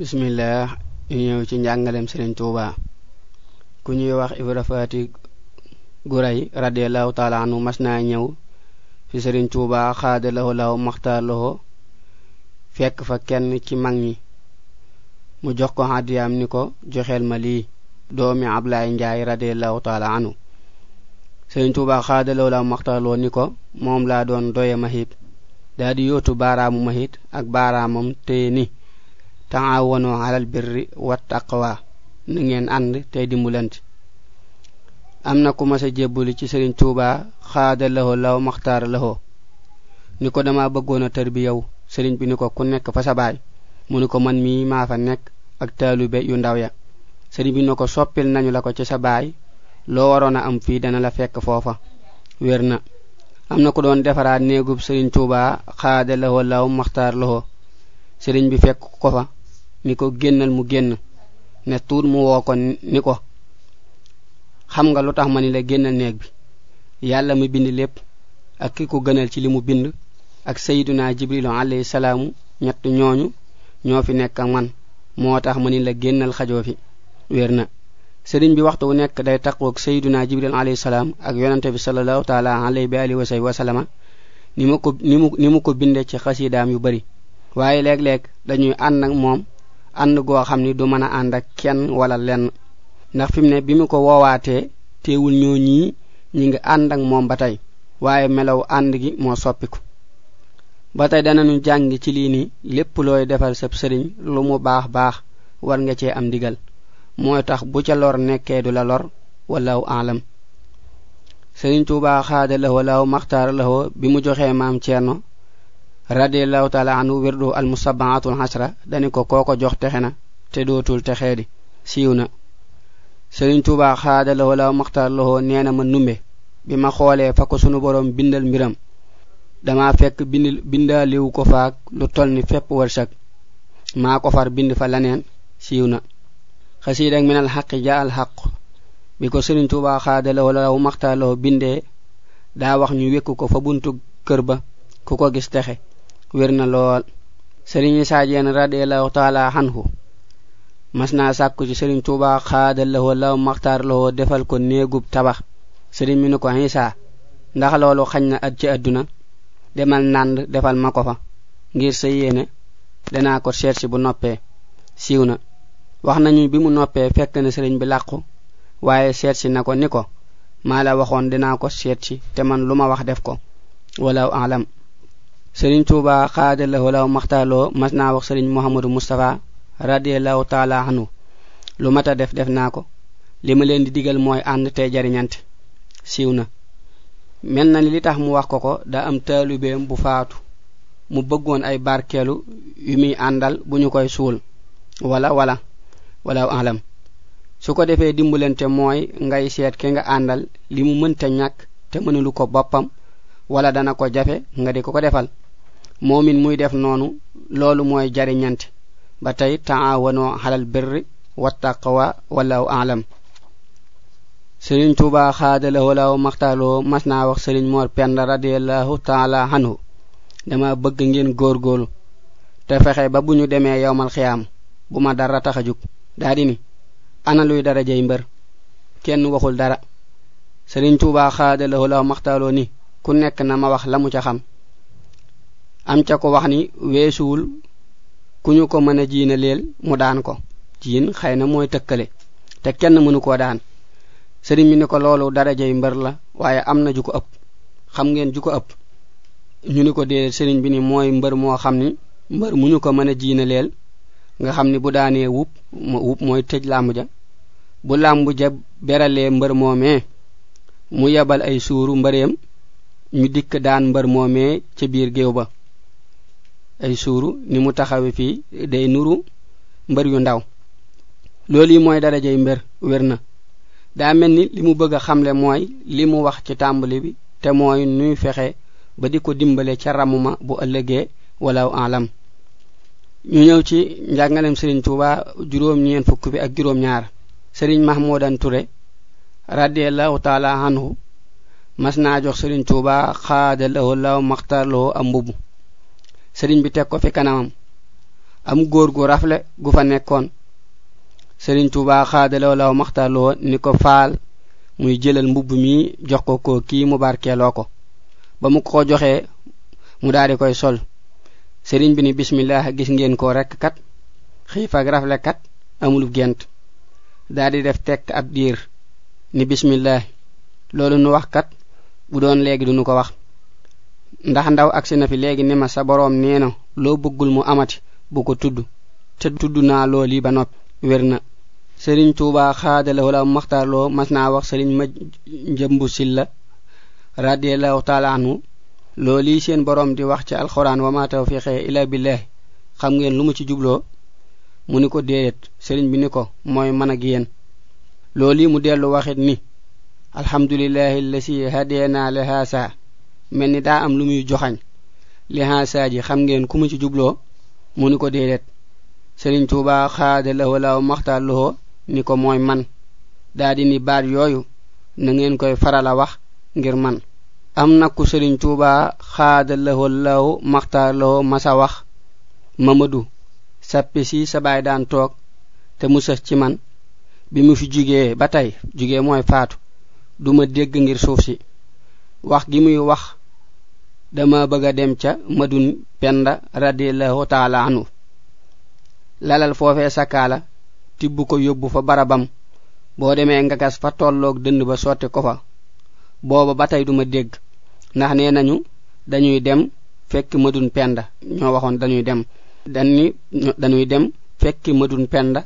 bismillah ñu ñëw ci njàngalem sëriñ tuuba ku ñuy wax ibra fati guray radiallahu taala anu mas naa ñëw fi sëriñ tuuba xaada lahu law maxtaar lahu fekk fa kenn ci mag ñi mu jox ko hadiyaam ni ko joxeel ma lii doomi ablaay njaay radiallahu taala anu sëriñ tuuba xaada lahu law maxtaar lahu ni ko moom laa doon doye mahit daa di yóotu baaraamu mahit ak baaraamam téye ni taawanu alal birri wa taqwa na ngeen ànd tey dimbalante am na ku mas a jébbali ci sëriñ tuuba xaada laho law maxtaar laho ni ko dama bëggoon a tër bi yow sëriñ bi ni ko ku nekk fa sa baay mu ni ko man mi ma fa nekk ak taalube yu ndaw ya sëriñ bi ni ko soppil nañu la ko ci sa baay lo waroon a am fii dana la fekk foofa wér na am na ku doon defaraat néegub sëriñ tuuba xaada laho law maxtaar laho sëriñ bi fekk ko fa ni ko génnal mu génn ne tuut mu woo ko ni ko xam nga lu tax ma ni la génnal néeg bi yàlla mi bind lépp ak ki ko gënal ci li mu bind ak sayyiduna jibrilu alayhi salaamu ñett ñooñu ñoo fi nekk ak man moo tax ma ni la génnal xajoo fi wér na sëriñ bi waxtu wu nekk day taqoog sayyiduna jibril alayhi salaam ak yonante bi sallallahu taala alayhi alihi wa ni mu ko ni mu ni mu ko binde ci xasiidaam yu bari waaye léeg-léeg dañuy ànd ak moom ànd goo xam ni du mën a ànd ak kenn wala lenn ndax fi mu ne bi mu ko woowaatee teewul ñoo ñii ñi ngi ànd ak moom ba tey waaye melaw ànd gi moo soppiku ba tey danañu jàng ci lii ni lépp looy defal sab sëriñ lu mu baax baax war nga cee am digal mooy tax bu ca lor nekkee du la lor aalam sëriñ xaada maxtaar bi mu joxee maam ceerno radiallahu taala anhu wirdu al musabbaatul hasra dani ko kooko jox texe na te dootul texee di siiw na sëriñ tuuba xaada lawo ma numbe bi ma fa ko sunu borom bindal miram dama fekk bind bindaaliwu ko faak lu tol ni fépp wërsëg maa ko far bind fa laneen siiw na xasiidak min al xaqi ja al xaq bi ko sëriñ tuuba xaada lawo law maxtaar wax ñu wékku ko fa buntu kër ku ko gis texe werna na lool sëriñ isaa jeen taala hanhu mas sakku ci serigne touba xaadal la law maxtaar la defal ko negub tabax serigne min ko isaa ndax loolu xañ na ci aduna demal nand defal ma ko fa ngir seyene dana ko seet bu noppé siwna na wax nañu bi mu noppé fekk na serigne bi laqku waaye seet nako niko mala ni ko la ko seet te man lu ma wax def ko wala alam سرين توبا خاد الله لو مختالو مسنا وخ سرين محمد مصطفى رضي الله تعالى عنه لو متى دف دف ناكو لما لين دي ديغل موي اند تي جاري نانت سيونا ملنا لي تاخ مو واخ كوكو دا ام طالبيم بو فاتو مو بغون اي باركيلو يمي اندال بو نيكوي سول ولا ولا ولا اعلم su ko defee dimbulante mooy ngay seet ke nga àndal li mu mënta ñàkk te mënalu ko boppam wala dana ko jafe nga di ko ko defal moomin muy def noonu loolu mooy jariñante ba tey taawanoo xalal birri wa wala walaaw alam sëriñ tuuba xaadalahoo laaw maxtaaloo mas naa wax sëriñ moor pend radiallahu taala anhu dama bëgg ngeen góorgóorlu te fexe ba bu ñu demee yowmal xiyaam bu ma dara tax a jug daa di ni ana luy dara jay mbër kenn waxul dara sëriñ tuuba xaadalahoo laaw maxtaaloo ni ku nekk na ma wax la mu ca xam am ca ko wax ni weesuwul ku ñu ko mën a jiina leel mu daan ko jiin xëy na mooy tëkkale te kenn mënu koo daan sëriñ mi ni ko loolu darajay mbër la waaye am na ju ko ëpp xam ngeen ju ko ëpp ñu ni ko dee sëriñ bi ni mooy mbër moo xam ni mbër mu ñu ko mën a jiina leel nga xam ni bu daanee wub ma wub mooy tëj làmb ja bu làmb ja beralee mbër moomee mu yebal ay suuru mbëreem ñu dikk daan mbër moomee ca biir géew ba ay suuru ni mu taxawe fii day nuru mbër yu ndaw loolu mooy darajay mbër wér na daa mel ni li mu bëgg a xamle mooy li mu wax ci tàmbali bi te mooy nuy fexe ba di ko dimbale ca ramuma bu ëllëgee walaw alam ñu ñëw ci njàngaleem sëriñ tuuba juróom ñeen fukk bi ak juróom ñaar sëriñ mahmoudan ture radiallahu taala anhu mas naa jox sëriñ tuuba xaada lahu law maxtaar lahu ak mbubbu sëriñ bi teg ko fi kanamam am góor gu rafle gu fa nekkoon sëriñ tuuba xaadalaw law maxtaloo ni ko faal muy jëlal mbubb mi jox ko ko kii mu barkeeloo ko ba mu ko joxee mu daal koy sol sëriñ bi ni bismillah gis ngeen ko kat xiif ak rafle kat amulub gent daal di def tekk ab ni bismillah loolu nu wax kat bu doon du nu ko wax ndax ndaw agsi na fi léegi ni ma sa boroom nee na loo bëggul mu amati bu ko tudd te tudd naa lool ba noppi wér na sëriñ tuuba xaadalawu la maxtaarloo mas naa wax sëriñ ma njëmbu silla radiallahu taala anhu loolu yi seen boroom di wax ci alxuraan wa ma tawfiqe ila billah xam ngeen lu mu ci jubloo mu ni ko déedéet sëriñ bi ni ko mooy man ak yéen loolu mu dellu waxit ni alhamdulilahi allasi hadeena li mel ni am lu muy joxañ li xaasaaji xam ngeen ku mu ci jubloo mu ni ko déedéet sëriñ tuuba xaada lawo law maxtaar loxo ni ko mooy man daa ni bar yooyu na ngeen koy farala wax ngir man am ku sëriñ tuuba xaada lawo law maxtaar loxo wax mamadu sappi si sa baay daan toog te mu sës ci man bi mu fi duma dégg ngir suuf wax gi muy wax dama bëgg a dem ca madun penda radiallahu taala anu lalal foofee sakaala tibb ko yóbbu fa barabam boo demee nga gas fa tolloog dënd ba sotti ko fa booba ba tey du ma dégg ndax nee nañu dañuy dem fekk madun penda ñoo waxoon dañuy dem dani dañuy dem fekki madun penda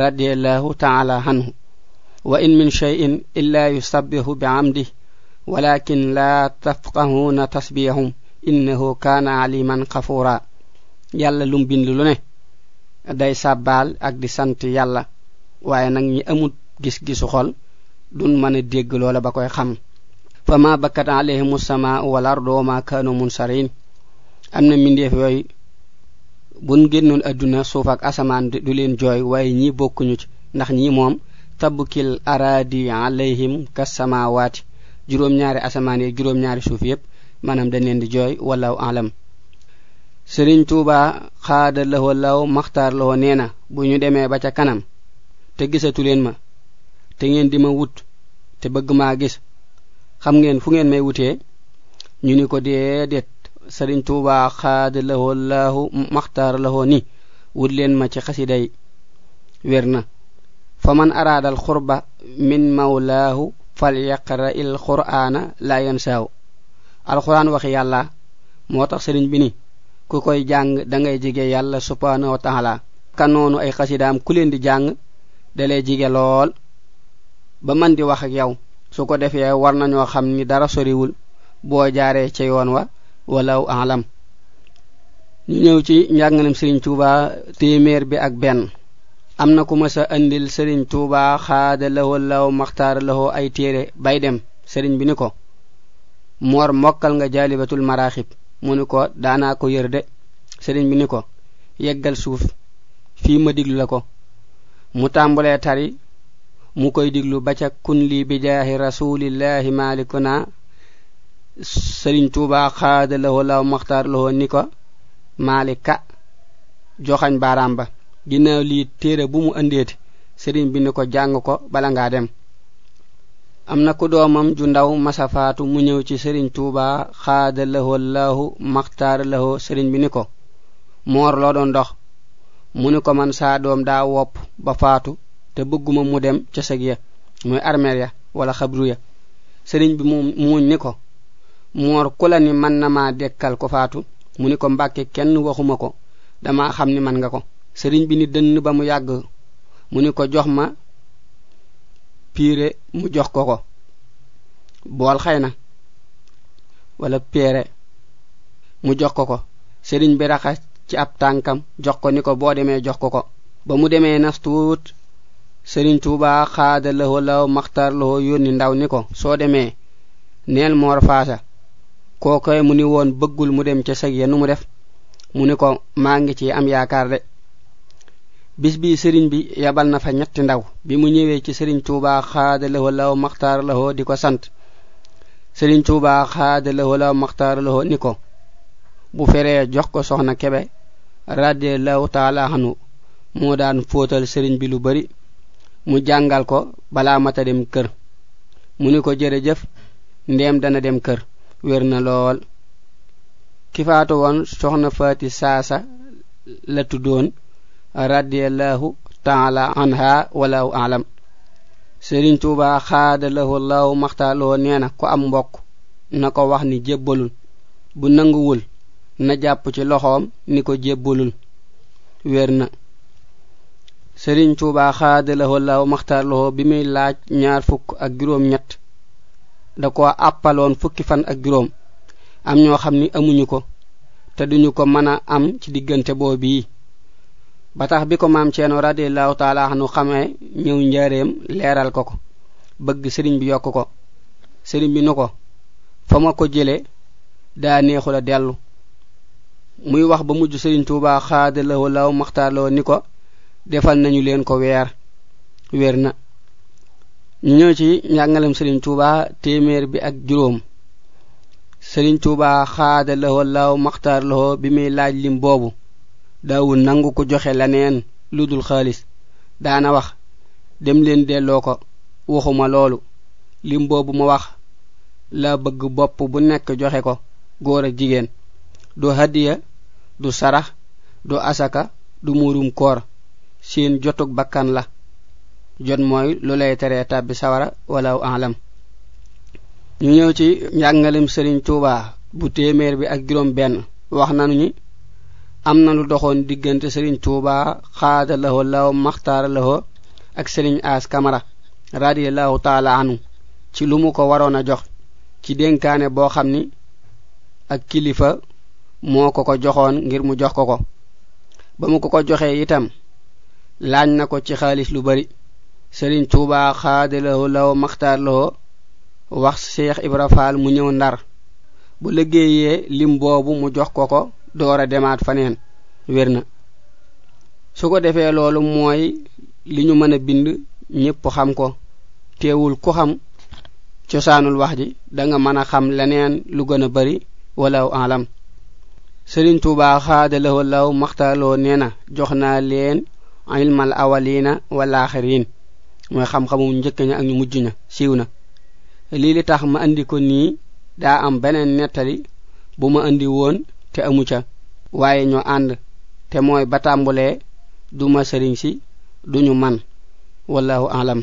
radiallahu taala anhu wa in min cheyin illa yusabbihu bi amdih walakin laa tafqahuuna tasbiyahum innahu kaana aliman xafuura yàlla lum bind lu ne day sàbbaal ak di sant yàlla waaye nag ñi amut gis-gisu xol duñ mën a dégg loola ba koy xam fa ma bakkat alayhimu samaa wal ardu kaanu munsariin am na mbindeef yooyu bu génnoon àdduna suuf ak asamaan du leen jooy waaye ñii bokkuñu ci ndax ñi moom tabbukil araadi alayhim kas samaawaati juróom-ñaari asamaan yeeg juróom-ñaari suuf yépp maanaam dañ leen di jooy walaaw alam sëriñ tuuba xaada lawo law maxtaar lawo nee na bu ñu demee ba ca kanam te gisatu leen ma te ngeen di ma wut te bëgg maa gis xam ngeen fu ngeen may wutee ñu ni ko déedéet sëriñ tuuba xaada lawo laahu maxtaar lawo ni wut leen ma ci xasiday yi wér na fa man araadal xurba min mawlaahu falyaqra il qur'ana la yansaw alquran waxi yàlla moo tax sëriñ bi ni ku koy jang da ngay jige yàlla subhanahu wa taala ka noonu ay xasidaam ku leen di jàng dalee jige lool ba man di wax ak yow su ko defee war nañoo xam ni dara soriwul bo jaaree ci yoon wa walaw alam ñu ñëw ci njànganam sëriñ tuuba téeméer bi ak benn amna ko ku mësa andil serigne touba xaada lahoo law maxtaara lahu ay tere bay dem serigne bi ni ko mor mokal nga jalibatul marahib mu ni ko daanaa ko yër de sëriñ bi ni ko yeggal suuf fi ma diglu lako mu tambule tari mu koy diglu ba ca kun li bi jahi rasulillahi malikuna serigne touba xaada lahoo law maxtaar lahu ni ko maalika joxañ baaraam ba ginnaaw lii téere bu mu andeeti sëriñ bi ni ko jàng ko bala ngaa dem am na ku doomam ju ndaw faatu mu ñëw ci sëriñ tuuba xaada lahoo laahu maxtaara lahoo sëriñ bi ni ko moor loo doon dox mu ni ko man saa doom daa wopp ba faatu te bëgguma mu dem ca sëg ya muy armeer ya wala xabru ya sëriñ bi mu muuñ ni ko moor ku la ni man na maa dekkal ko faatu mu ni ko mbàkke kenn waxuma ko dama xam ni man nga ko sëriñ bi ni dënn ba mu yàgg mu ni ko jox ma piire mu jox ko ko bool xëy na wala peere mu jox ko ko sëriñ bi raxas ci ab tànkam jox ko ni ko boo demee jox ko ko ba mu demee nas tuut sëriñ tuuba xaada lawo law maxtar lawo yónni ndaw ni ko soo demee neel moor faasa kookoy mu ni woon bëggul mu dem ca sëg ya nu mu def mu ni ko maa ngi ci am yaakaar de bis bi sëriñ bi yabal na fa ñetti ndaw bi mu ñëwee ci sëriñ tuuba xaada lahoo law maxtaar lahoo di ko sant sëriñ tuuba xaada lahoo law maxtaar lahoo ni ko bu feree jox ko soxna kebe radiallahu taala hanu moo daan fóotal sëriñ bi lu bari mu jàngal ko balaa mata dem kër mu ni ko jërëjëf ndeem dana dem kër wér na lool ki faatu woon soxna faati saasa la tuddoon radiyallahu taala anha walaw alam sëriñ tuuba xaada lahu law maxtaaloo nee na ku am mbokk na ko wax ni jébbalul bu nanguwul na jàpp ci loxom ni ko jébbalul wér na sëriñ tuuba xaada lahu law bi muy laaj ñaar fukk ak juróom ñett da ko appalon fukki fan ak juróom am ñoo xam ni amuñu ko te duñu ko mana am ci diggante boobu yi ba tax bi ko maam Ceerno radiyallahu taala anu xamee ñëw njaareem leeral ko ko bëgg sëriñ bi yokk ko sëriñ bi nu ko fa ma ko jëlee daa neexu la dellu muy wax ba mujj sëriñ Tuubaa xaadalawo law maxtaarlawo ni ko defal nañu leen ko weer weer na ñu ñëw ci njàngalem sëriñ Tuubaa téeméer bi ak juróom sëriñ Tuubaa xaadalawo law maxtaarlawo bi muy laaj lim boobu daawul nangu ku joxe laneen lu dul xaalis daana wax dem leen delloo ko waxuma loolu lim boobu ma wax la bëgg bopp bu nekk joxe ko góor ak jigéen du hadiya du sarax du asaka du muurum koor seen jotug bakkan la jot mooy lu lay tere tàbbi sawara walaw alam ñu ñëw ci njàngalem sëriñ tuuba bu téeméer bi ak juróom benn wax nanu ñi amna lu doxone digeunte serigne touba khada lahu law makhtar lahu ak serigne as kamara radiallahu taala anu. ci lu mu ko warona a jox ci dénkaane bo xam ni ak kilifa moo ko ko ngir mu jox ko ko ba mu ko ko joxe itam laaj na ko ci xaalis lu bari touba khada lahu law makhtar lahu wax cheikh ibrahim fall mu ñew ndar bu liggéeyee lim boobu mu jox ko ko doora demaat faneen wér na su ko defee loolu mooy li ñu mën a bind ñépp xam ko teewul ku xam cosaanul wax ji da nga mën a xam leneen lu gën a bari walaw alam sëriñ tuubaa xaadalawo law maxtaaloo nee na jox naa leen ilmal awalina axirin mooy xam-xamu njëkk ña ak ñu mujj ña siiw na lii li tax ma andi ko nii daa am beneen nettali bu ma andi woon te amu ca waaye ñoo ànd te mooy batambulee duma sëriñ si duñu man wallahu alam